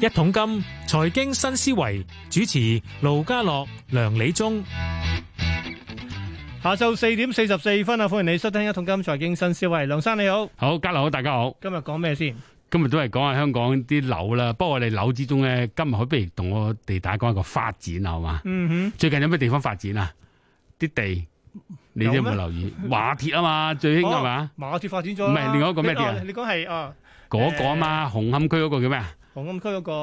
一桶金財經新思維，主持盧家樂、梁理中。下晝四點四十四分啊！歡迎你收聽一桶金財經新思維。梁生你好。好，家樂好，大家好。今日講咩先？今日都係講下香港啲樓啦，不過我哋樓之中咧，今日可不如同我哋大家講一個發展啦，好嘛？嗯哼，最近有咩地方發展啊？啲地你有冇留意？馬鐵啊嘛，最興係嘛？馬鐵發展咗，唔係另外一個咩地？你講係啊？嗰個啊嘛，紅磡區嗰個叫咩啊？紅磡區嗰個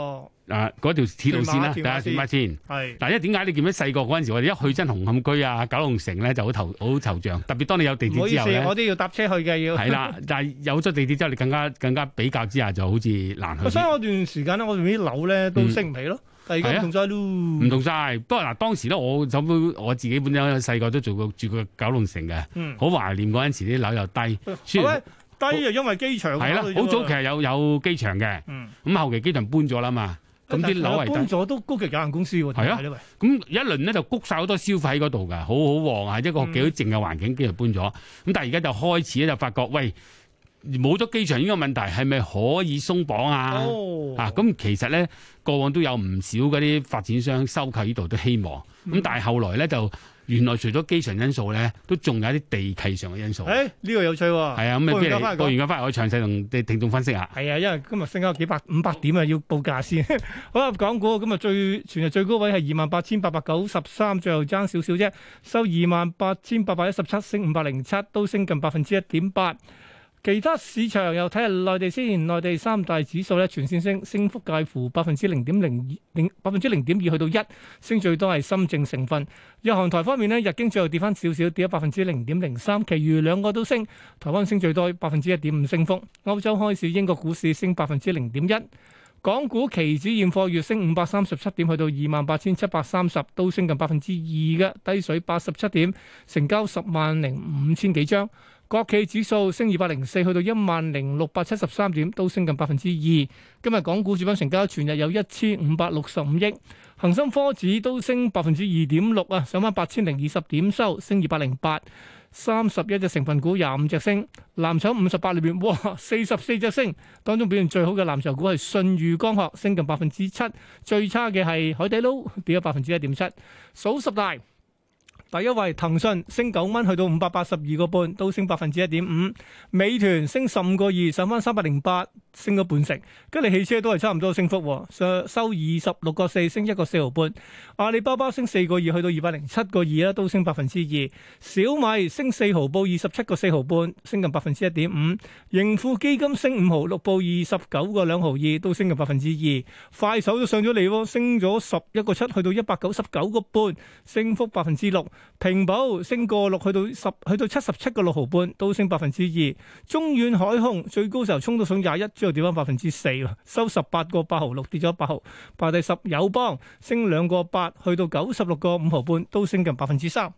啊，嗰條鐵路線啦，大家睇下先，睇下先。係嗱，因為點解你見到細個嗰陣時，我哋一去真紅磡區啊、九龍城咧就好頭好惆悵，特別當你有地鐵之後我都要搭車去嘅，要係啦。 但係有咗地鐵之後，你更加更加比較之下就好似難行。所以我段時間咧，我啲樓咧都升唔起、嗯、不咯。係啊，唔同晒。唔同晒。不過嗱，當時咧，我我自己本身細個都做過住過九龍城嘅，好、嗯、懷念嗰陣時啲樓又低。嗯、低又因為機場係啦，好早其實有有機場嘅。嗯咁後期機場搬咗啦嘛，咁啲樓係等搬咗都高級有限公司喎。係啊。咁一輪咧就谷晒好多消費喺嗰度噶，好好旺啊！一個幾好靜嘅環境，機場搬咗。咁但係而家就開始咧就發覺，喂，冇咗機場呢個問題係咪可以鬆綁啊？Oh. 啊，咁其實咧過往都有唔少嗰啲發展商收購呢度都希望，咁但係後來咧就。原來除咗機場因素咧，都仲有一啲地契上嘅因素。誒、哎，呢、這個有趣喎！係啊，咁、嗯、啊，過完嘅翻嚟，我詳細同啲聽眾分析下。係啊，因為今日升咗幾百五百點啊，要報價先。 好啦，港股今日最全日最高位係二萬八千八百九十三，最後爭少少啫，收二萬八千八百一十七，升五百零七，都升近百分之一點八。其他市場又睇下內地先，內地三大指數咧全線升，升幅介乎百分之零點零二、零百分之零點二去到一，升最多係深證成分。日韓台方面呢，日經最後跌返少少，跌咗百分之零點零三，其餘兩個都升，台灣升最多百分之一點五升幅。歐洲開市，英國股市升百分之零點一，港股期指現貨月升五百三十七點，去到二萬八千七百三十，都升近百分之二嘅，低水八十七點，成交十萬零五千幾張。國企指數升二百零四，去到一萬零六百七十三點，都升近百分之二。今日港股主板成交全日有一千五百六十五億，恆生科指都升百分之二點六啊，上返八千零二十點收，升二百零八，三十一隻成分股廿五隻升，藍籌五十八裏邊，哇，四十四隻升，當中表現最好嘅藍籌股係舜宇光學，升近百分之七，最差嘅係海底撈跌咗百分之一點七，數十大。因為騰訊升九蚊去到五百八十二個半，都升百分之一點五。美團升十五個二，上翻三百零八，升咗半成。吉利汽車都係差唔多升幅，上收收二十六個四，升一個四毫半。阿里巴巴升四個二，去到二百零七個二啦，都升百分之二。小米升四毫，報二十七個四毫半，升近百分之一點五。盈富基金升五毫，六報二十九個兩毫二，都升近百分之二。快手都上咗嚟，升咗十一個七，去到一百九十九個半，升幅百分之六。平保升個六去到十，去到七十七個六毫半，都升百分之二。中遠海控最高時候衝到上廿一，之後跌翻百分之四，收十八個八毫六，跌咗八毫排第十。友邦升兩個八，去到九十六個五毫半，都升近百分之三。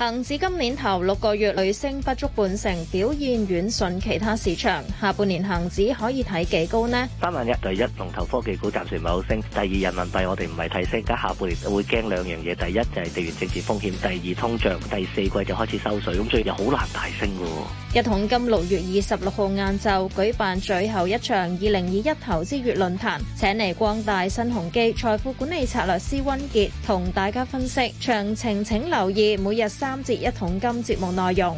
恒指今年頭六個月累升不足半成，表現遠遜其他市場。下半年恒指可以睇幾高呢？三萬一,對一，第一龍頭科技股暫時唔係好升；第二人民幣我哋唔係提升。而家下半年會驚兩樣嘢，第一就係、是、地緣政治風險，第二通脹。第四季就開始收水，咁所以又好難大升嘅。一桶金六月二十六號晏晝舉辦最後一場二零二一投資月論壇，請嚟光大新鴻基財富管理策略師溫傑同大家分析詳情，請留意每日三節一桶金節目內容。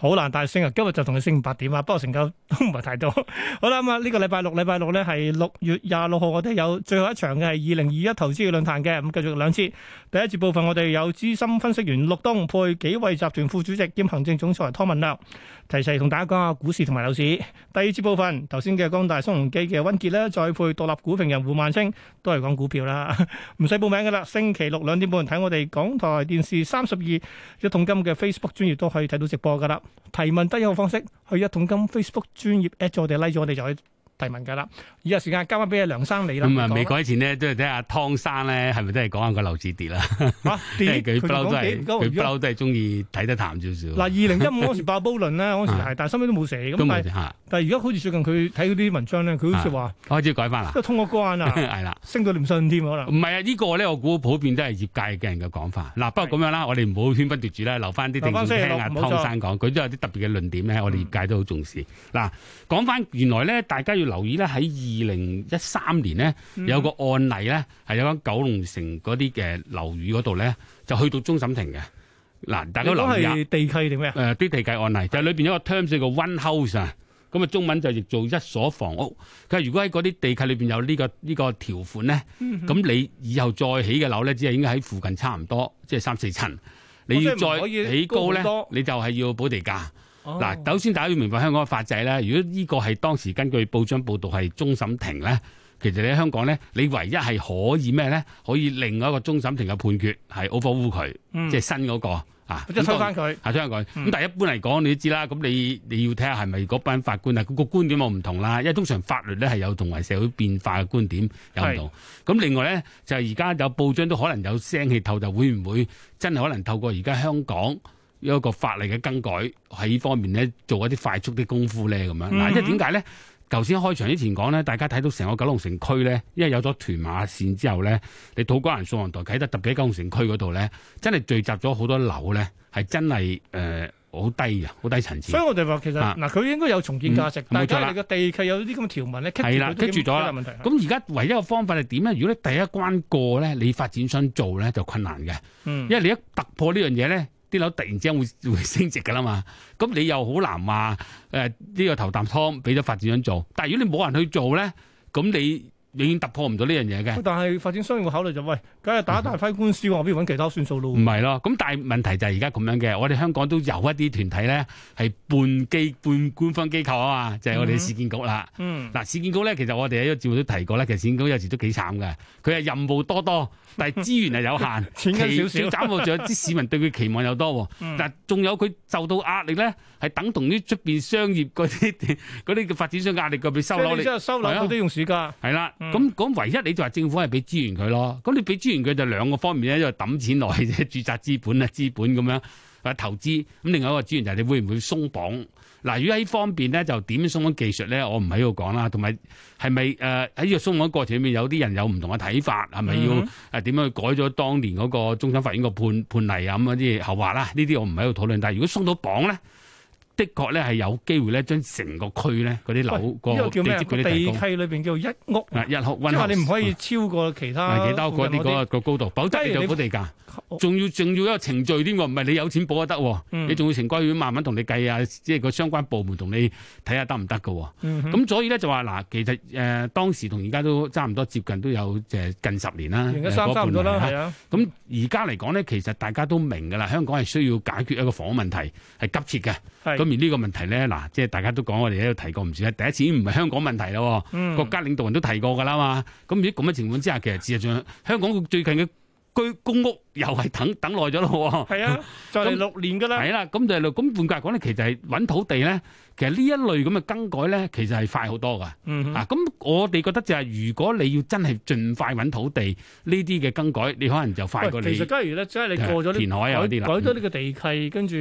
好難大升啊！今日就同佢升八點啊，不過成交都唔係太多。好啦，咁啊，呢個禮拜六、禮拜六咧係六月廿六號，我哋有最後一場嘅係二零二一投資嘅論壇嘅。咁繼續兩次，第一節部分我哋有資深分析員陸東配幾位集團副主席兼行政總裁湯文亮，提示同大家講下股市同埋樓市。第二節部分，頭先嘅光大松龍基嘅溫傑咧，再配獨立股評人胡萬清，都係講股票啦，唔使報名噶啦。星期六兩點半睇我哋港台電視三十二，一桶金嘅 Facebook 專業都可以睇到直播噶啦。提問得一個方式，去一桶金 Facebook 專業 at 咗我哋，like 咗我哋就提問㗎啦，以下時間交翻俾阿梁生你啦。咁、嗯、啊，未改前呢，都係睇下湯生咧，係咪都係講下個樓市跌啦。嚇、啊、跌，佢講幾？佢不嬲都係中意睇得淡少少。嗱，二零一五嗰時爆煲論咧，嗰 時係，但係收尾都冇成。都冇成、啊。但係而家好似最近佢睇嗰啲文章咧，佢好似話，不、啊、開始改翻啦。都通咗關啦。係 啦，升到你唔信添可能。唔係啊，呢、這個咧我估普遍都係業界嘅人嘅講法。嗱，不過咁樣啦，我哋唔好喧賓奪主啦，留翻啲地方聽阿湯生講。佢都有啲特別嘅論點咧，我哋業界都好重視。嗱、啊，講翻原來咧，大家要。留意咧，喺二零一三年咧，有個案例咧，係有間九龍城嗰啲嘅樓宇嗰度咧，就去到終審庭嘅。嗱，大家留意下。地契定咩啊？誒，啲地契案例就係裏邊有一個 terms 叫一個 one house 啊，咁啊中文就譯做一所房屋。佢如果喺嗰啲地契裏邊有呢個呢個條款咧，咁，嗯，你以後再起嘅樓咧，只係應該喺附近差唔多，即係三四層。你要再起高咧，你就係要補地價。嗱歐，首先大家要明白香港嘅法制咧，如果呢個係當時根據報章報道係終審庭咧，其實你喺香港咧，你唯一係可以咩咧？可以另外一個終審庭嘅判決係 override 佢，即係新嗰、嗰個、嗯、啊，即係推翻佢啊，推翻佢。咁但係一般嚟講，你知都知啦，咁你你要睇下係咪嗰班法官啊，佢個觀點我唔同啦，因為通常法律咧係有同埋社會變化嘅觀點有唔同。咁、欸、另外咧就係而家有報章都可能有聲氣透，就會唔會真係可能透過而家香港？有一個法例嘅更改喺呢方面咧，做一啲快速啲功夫咧，咁樣嗱，即係點解咧？頭先開場之前講咧，大家睇到成個九龍城區咧，因為有咗屯馬綫之後咧，你土瓜灣、宋皇臺、啟德、特別九龍城區嗰度咧，真係聚集咗好多樓咧，係真係誒好低嘅，好低層次。所以我哋話其實嗱，佢、啊、應該有重建價值，但係而家你個地契有啲咁嘅條文咧，係啦，棘住咗。咁而家唯一個方法係點咧？如果你第一關過咧，你發展商做咧就困難嘅，mm -hmm. 因為你一突破呢樣嘢咧。啲樓突然之間會會升值㗎喇嘛，咁你又好難話誒呢個頭啖湯俾咗發展商做，但係如果你冇人去做咧，咁你。永遠突破唔到呢樣嘢嘅。但係發展商嘅考慮就是、喂，梗係打大批官司，我不如揾其他算數咯。唔係咯，咁但係問題就係而家咁樣嘅，我哋香港都有一啲團體咧，係半機半官方機構啊嘛，就係、是、我哋市建局啦。嗱、嗯嗯，市建局咧，其實我哋喺一個節目都提過啦，其實市建局有時都幾慘嘅，佢係任務多多，但係資源又有限，少 少。少少。斬落，仲有啲市民對佢期望又多。嗯、但嗱，仲有佢受到壓力咧，係等同於出邊商業嗰啲，嗰啲嘅發展商壓力收，佢收落收、啊、都用暑假。係啦。咁、嗯、咁唯一你就話政府係俾資源佢咯，咁你俾資源佢就兩個方面咧，就抌錢落去啫， 註冊資本啊，資本咁樣，或投資，咁另外一個資源就係你會唔會鬆綁？嗱，如果喺呢方面咧，就點鬆緊技術咧，我唔喺度講啦。同埋係咪誒喺呢個鬆綁過程裏面有啲人有唔同嘅睇法，係咪要誒點樣去改咗當年嗰個終審法院個判判例啊咁嗰啲後話啦？呢啲我唔喺度討論。但係如果鬆到綁咧？的確咧係有機會咧，將成個區咧嗰啲樓個地積嗰啲提高。地契裏邊叫一屋。啊、一屋，house，即係你唔可以超過其他嗰啲嗰高度，否則你就補地價。仲要仲要一個程序添喎，唔係你有錢補都得喎，你仲要城規委慢慢同你計啊，即係個相關部門同你睇下得唔得噶喎。咁、啊、所以咧就話嗱，其實誒、呃、當時同而家都差唔多，接近都有誒近十年啦，差唔多啦，半年、啊。咁而家嚟講咧，其實大家都明㗎啦，香港係需要解決一個房屋問題，係急切嘅。呢個問題咧，嗱，即係大家都講，我哋喺度提過唔少。第一次已經唔係香港問題啦、嗯，國家領導人都提過噶啦嘛。咁如果咁嘅情況之下，其實事實上香港最近嘅居公屋又係等等耐咗咯。係啊，就係六年噶啦。係啦、啊，咁就係咁換句講咧，其實係揾土地咧。其實呢一類咁嘅更改咧，其實係快好多噶。咁、嗯啊、我哋覺得就係、是、如果你要真係盡快揾土地呢啲嘅更改，你可能就快過你。其實，假如咧，即、就、係、是、你過咗填海有啲，改改咗呢個地契，嗯、跟住。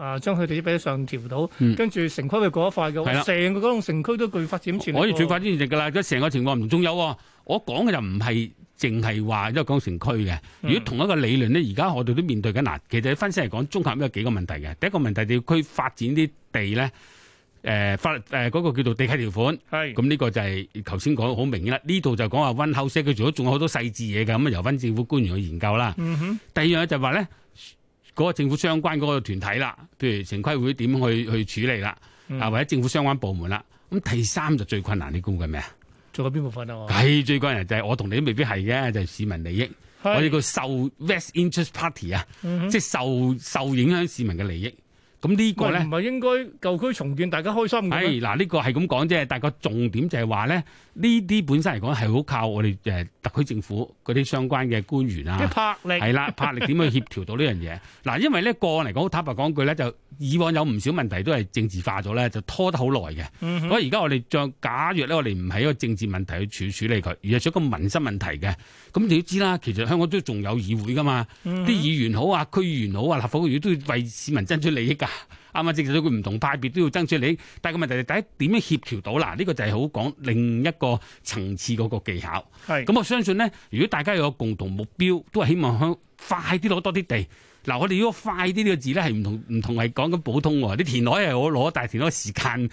啊！將佢哋俾上調到，跟住城區係過一快嘅，成、嗯、個嗰種城區都具發展潛力。可以最快啲嚟噶啦，即成個情況仲有。我講嘅就唔係淨係話因為講城區嘅。如果同一個理論咧，而家我哋都面對緊嗱，其實分析嚟講，綜合有幾個問題嘅。第一個問題就係區發展啲地咧，誒法誒嗰個叫做地契條款。係咁呢個就係頭先講好明顯啦。呢度就講話溫厚些，佢仲有仲有好多細緻嘢嘅，咁由翻政府官員去研究啦、嗯。第二樣就係話咧。嗰、那個政府相關嗰個團體啦，譬如城規會點去去處理啦、嗯，啊或者政府相關部門啦，咁第三就最困難，你估緊咩啊？做緊邊部分啊？係最困難就係、是、我同你都未必係嘅，就是、市民利益，是我哋叫受 vest interest party 啊、嗯，即係受受影響市民嘅利益。咁呢個咧，唔係應該舊區重建，大家開心。係嗱，呢個係咁講啫。但個重點就係話咧，呢啲本身嚟講係好靠我哋特區政府嗰啲相關嘅官員啊，係啦，魄力點去協調到呢樣嘢？嗱， 因為咧個案嚟講，坦白講句咧，就以往有唔少問題都係政治化咗咧，就拖得好耐嘅。所以而家我哋再假若咧，我哋唔係一個政治問題去處處理佢，而係想個民生問題嘅。咁你都知啦，其實香港都仲有議會噶嘛，啲、嗯、議員好啊，區議員好啊，立法會議員都要為市民爭取利益㗎。啱啱啊！即到佢唔同派別都要爭取你，但係個問題係第一點樣協調到啦？呢個就係好講另一個層次嗰個技巧。係咁，我相信咧，如果大家有個共同目標，都係希望向快啲攞多啲地。嗱，我哋如果快啲呢、這個字咧，係唔同唔同係講緊普通喎，啲填海係我攞，大田填海時間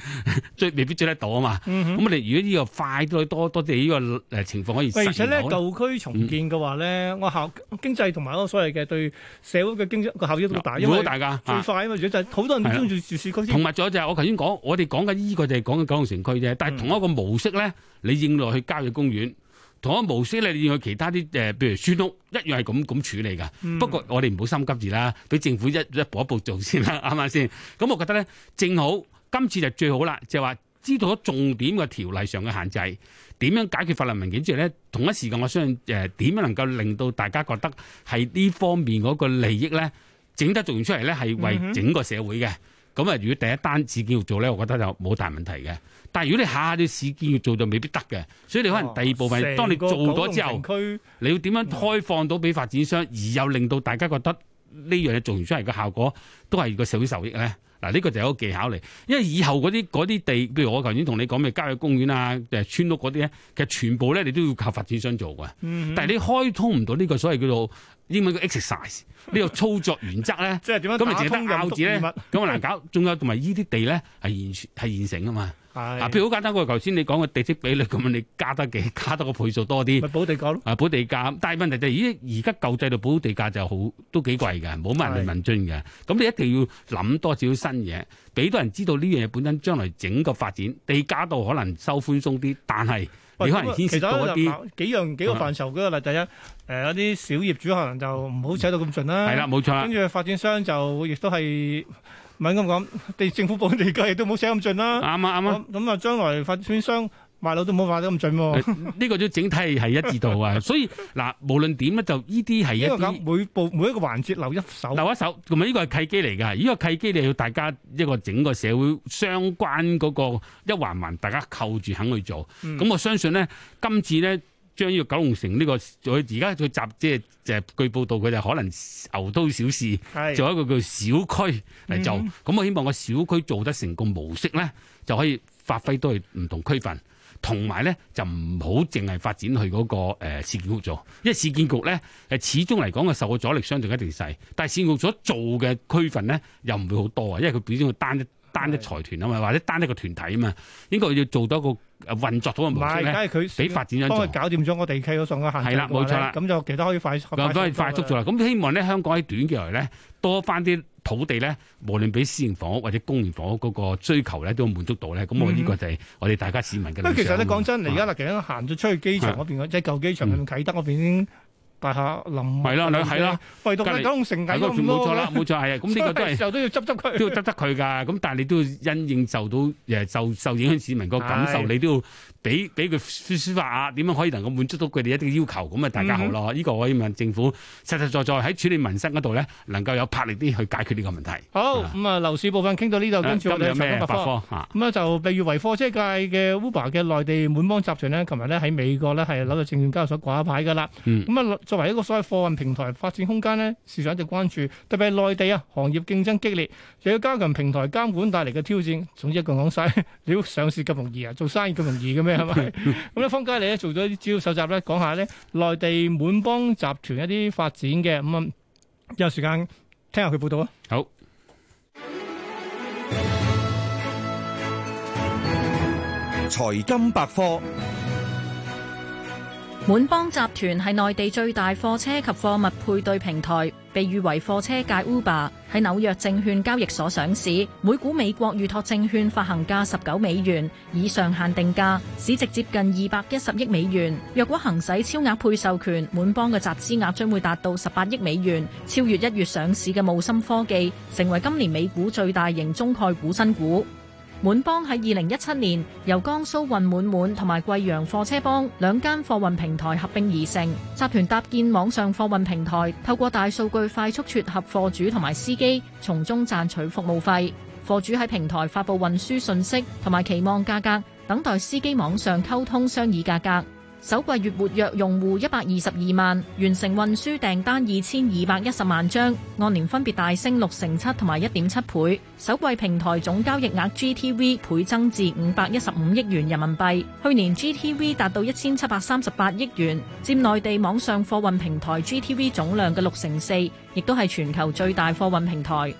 追未必追得到啊嘛。咁、嗯、我哋如果呢個快都可以多多啲呢個誒情況可以。而且咧舊區重建嘅話咧、嗯，我效經濟同埋嗰所謂嘅對社會嘅經濟個效益都好大，好大㗎。最快啊嘛，如果、啊、就係好多人都中意住市區，同埋仲有就係我頭先講，我哋講緊依個就係講緊九龍城區啫，但係同一個模式咧、嗯，你應落去郊野公園。同一模式咧，你要去其他啲誒，譬如宣屋一樣係咁咁處理噶、嗯。不過我哋唔好心急住啦，俾政府一一步一步做先啦，啱唔啱先？咁我覺得咧，正好今次就最好啦，就係話知道咗重點嘅條例上嘅限制，點樣解決法律文件之類咧？同一時間，我相信誒點樣能夠令到大家覺得係呢方面嗰個利益咧，整得做完出嚟咧，係為整個社會嘅。咁啊，如果第一單事件要做咧，我覺得就冇大問題嘅。但係如果你下下啲事件要做就未必得嘅，所以你可能第二步係當你做咗之後，你要點樣開放到俾發展商，而又令到大家覺得呢樣嘢做完出嚟嘅效果都係個社會受益咧？嗱，呢個就係一個技巧嚟，因為以後嗰啲嗰啲地，譬如我頭先同你講嘅郊野公園啊、誒村屋嗰啲咧，其實全部咧你都要靠發展商做嘅。但係你開通唔到呢、呢個所謂叫做英文嘅 exercise 呢個操作原則咧， 即係點樣打通任督二脈咁難搞，仲 有同埋依啲地咧係現現成㗎嘛。係，啊，譬如好簡單。我頭先你講嘅地積比率咁樣，你加得幾，加多個倍數多啲，補地價咯。啊，補地價，但係問題就係，而家舊制度補地價就好，都幾貴嘅，冇乜人問津嘅。咁你一定要諗多少新嘢，俾多人知道呢樣嘢本身將來整個發展地價度可能收寬鬆啲，但係你可能牽涉到一啲幾樣幾個範疇，舉個例。第一，誒、啊，有啲小業主可能就唔好扯到咁盡啦。係啦，冇錯、啊。跟住發展商就亦都係。唔係咁講，地政府保地價都唔好寫咁盡啦。啱啊啱啊！咁咁啊，啊將來發展商賣樓都唔好賣得咁盡喎、啊。呢、嗯呢個都整體係一致度啊！ 所以嗱，無論點咧，就呢啲係一啲每步每一個環節留一手，留一手，同埋呢個係契機嚟㗎。呢、呢個契機你要大家一個整個社會相關嗰個一環環，大家扣住肯去做。咁、嗯、我相信咧，今次咧。將呢個九龍城呢、這個，佢而家佢集即係，就據報道佢就可能牛刀小試，做一個叫小區嚟做。咁、嗯、我希望個小區做得成個模式咧，就可以發揮到啲唔同區份，同埋咧就唔好淨係發展去嗰、那個市建、呃、局做，因為市建局咧始終嚟講嘅受個阻力相對一定細，但係市建局所做嘅區份咧又唔會好多啊，因為佢表象單一。單一財團啊嘛，或者單一個團體啊嘛，呢個要做到一個誒運作到嘅模式咧，俾發展商咗，佢搞掂咗，我地契嗰上嘅限制，係啦，冇錯啦，咁就其實可以快速以快速咗啦。咁希望咧，香港喺短期嚟咧，多翻啲土地咧，無論俾私營房屋或者公營房屋嗰個追求咧，都滿足到咧。咁我呢個就係我哋大家市民嘅。其實你講真，而家嗱，其實行咗出去機場嗰邊即係、就是、舊機場嗰邊啟德嗰邊。大廈林係啦，係啦，唯獨咧九龍城係咁多冇錯啦，冇錯，係啊。咁呢個都係時候都要執執佢，都要執執佢噶。咁 但係你都要因應受到誒受受影響市民個感受的，你都要。俾俾佢抒抒發下，點樣可以能夠滿足到佢哋一啲要求咁啊？大家好咯，呢、嗯呢個我要問政府，實實在在喺處理民生嗰度咧，能夠有魄力啲去解決呢個問題。好咁啊，樓、嗯嗯嗯嗯、市部分傾到呢度，跟住我哋拆分八方。咁啊，嗯、就被譽為貨車界嘅 Uber 嘅內地滿幫集團呢。琴日咧喺美國咧係紐約證券交易所掛牌噶啦。咁、嗯、啊、嗯，作為一個所謂貨運平台，發展空間呢，市場一直關注，特別係內地啊，行業競爭激烈，又要加強平台監管帶嚟嘅挑戰。總之一句講晒，你要上市咁容易啊，做生意咁容易嘅咩？嗯係 咪？咁咧，方佳麗咧做咗主要搜集咧，講下咧內地滿邦集團一啲發展嘅，咁啊、嗯、有時間聽下佢報道啊。好，財金百科，滿邦集團係內地最大貨車及貨物配對平台，被譽為貨車界 Uber。喺紐約證券交易所上市，每股美國預託證券發行價十九美元，以上限定價，市值接近二百一十億美元。若果行使超額配售權，滿幫嘅集資額將會達到十八億美元，超越一月上市嘅霧芯科技，成為今年美股最大型中概股新股。滿幫喺二零一七年由江蘇運滿滿同埋貴陽貨車幫兩間貨運平台合併而成，集團搭建網上貨運平台，透過大數據快速撮合貨主同埋司機，從中賺取服務費。貨主喺平台發佈運輸信息同埋期望價格，等待司機網上溝通商議價格。首季月活躍用戶一百二十二萬，完成運輸訂單二千二百一十萬張，按年分別大升六成七同埋一點七倍。首季平台總交易額 GTV 倍增至五百一十五億元人民幣，去年 GTV 達到一千七百三十八億元，佔內地網上貨運平台 GTV 總量嘅六成四，亦都係全球最大貨運平台。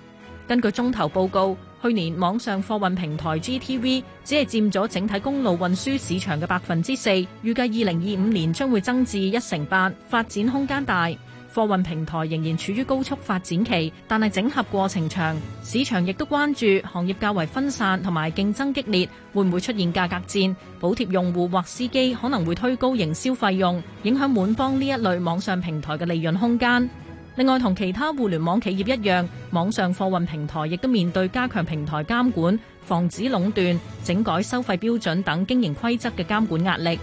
根據中投報告。去年，網上貨運平台 GTV 只係佔咗整體公路運輸市場嘅百分之四，預計二零二五年將會增至一成八，發展空間大。貨運平台仍然處於高速發展期，但係整合過程長。市場亦都關注行業較為分散同埋競爭激烈，會唔會出現價格戰？補貼用戶或司機可能會推高營銷費用，影響滿幫呢一類網上平台嘅利潤空間。另外，同其他互聯網企業一樣，網上貨運平台亦都面對加強平台監管、防止壟斷、整改收費標準等經營規則嘅監管壓力。